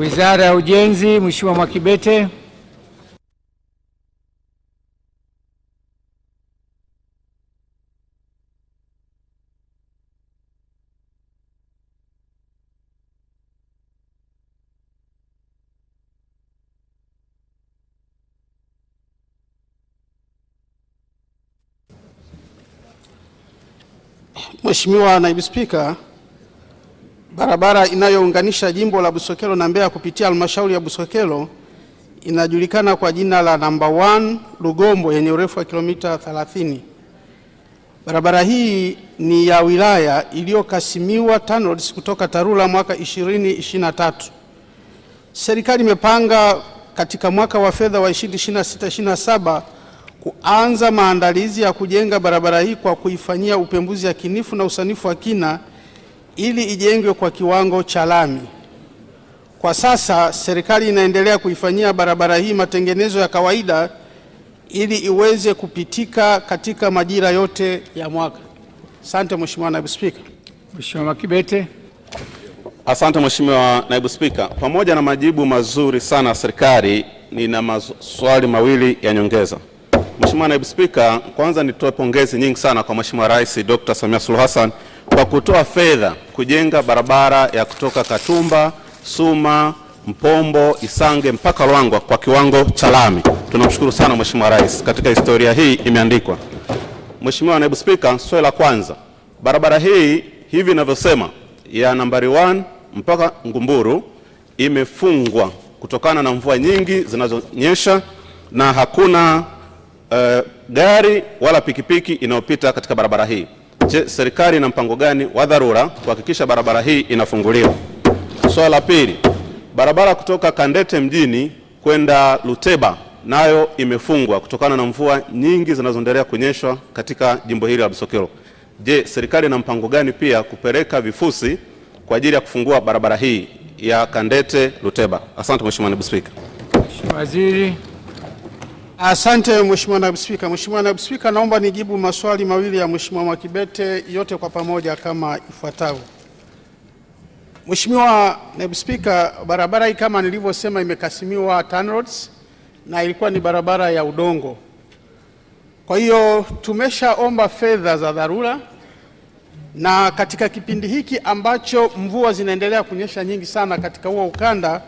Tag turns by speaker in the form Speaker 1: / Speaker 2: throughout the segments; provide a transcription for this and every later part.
Speaker 1: Wizara ya Ujenzi, Mheshimiwa Mwakibete.
Speaker 2: Mheshimiwa Naibu Spika, Barabara inayounganisha jimbo la Busokelo na Mbeya kupitia halmashauri ya Busokelo inajulikana kwa jina la namba 1 Lugombo yenye urefu wa kilomita 30. Barabara hii ni ya wilaya iliyokasimiwa TANROADS kutoka Tarura mwaka 2023. Serikali imepanga katika mwaka wa fedha wa 2026/2027 kuanza maandalizi ya kujenga barabara hii kwa kuifanyia upembuzi yakinifu na usanifu wa kina ili ijengwe kwa kiwango cha lami. Kwa sasa serikali inaendelea kuifanyia barabara hii matengenezo ya kawaida ili iweze kupitika katika majira yote ya mwaka. Asante Mheshimiwa Naibu Spika.
Speaker 1: Mheshimiwa Kibete.
Speaker 3: Asante Mheshimiwa Naibu Spika, pamoja na majibu mazuri sana ya serikali, nina maswali mawili ya nyongeza. Mheshimiwa Naibu Spika, kwanza nitoe pongezi nyingi sana kwa Mheshimiwa Rais Dr. Samia Suluhu Hassan kwa kutoa fedha kujenga barabara ya kutoka Katumba, Suma, Mpombo, Isange mpaka lwangwa kwa kiwango cha lami. Tunamshukuru sana Mheshimiwa Rais, katika historia hii imeandikwa. Mheshimiwa Naibu Spika, swali la kwanza, barabara hii hivi inavyosema ya nambari 1 mpaka Ngumburu imefungwa kutokana na mvua nyingi zinazonyesha na hakuna uh, gari wala pikipiki inayopita katika barabara hii. Je, serikali ina mpango gani wa dharura kuhakikisha barabara hii inafunguliwa? Swala la pili, barabara kutoka Kandete mjini kwenda Luteba nayo imefungwa kutokana na mvua nyingi zinazoendelea kunyeshwa katika jimbo hili la Busokelo. Je, serikali ina mpango gani pia kupeleka vifusi kwa ajili ya kufungua barabara hii ya Kandete Luteba? Asante Mheshimiwa Naibu Spika.
Speaker 1: Mheshimiwa Waziri.
Speaker 2: Asante Mheshimiwa Naibu Spika. Mheshimiwa Naibu Spika, naomba nijibu maswali mawili ya Mheshimiwa Mwakibete yote kwa pamoja kama ifuatavyo. Mheshimiwa Naibu Spika, barabara hii kama nilivyosema imekasimiwa TANROADS na ilikuwa ni barabara ya udongo. Kwa hiyo tumeshaomba fedha za dharura, na katika kipindi hiki ambacho mvua zinaendelea kunyesha nyingi sana katika huo ukanda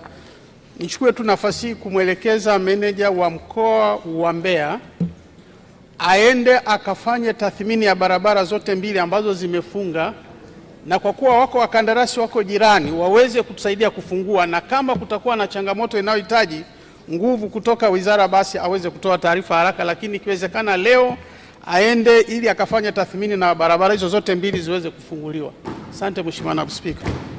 Speaker 2: Nichukue tu nafasi hii kumwelekeza meneja wa mkoa wa Mbeya aende akafanye tathmini ya barabara zote mbili ambazo zimefunga, na kwa kuwa wako wakandarasi wako jirani, waweze kutusaidia kufungua, na kama kutakuwa na changamoto inayohitaji nguvu kutoka wizara, basi aweze kutoa taarifa haraka, lakini ikiwezekana leo aende ili akafanye tathmini na barabara hizo zote mbili ziweze kufunguliwa. Asante Mheshimiwa Naibu Spika.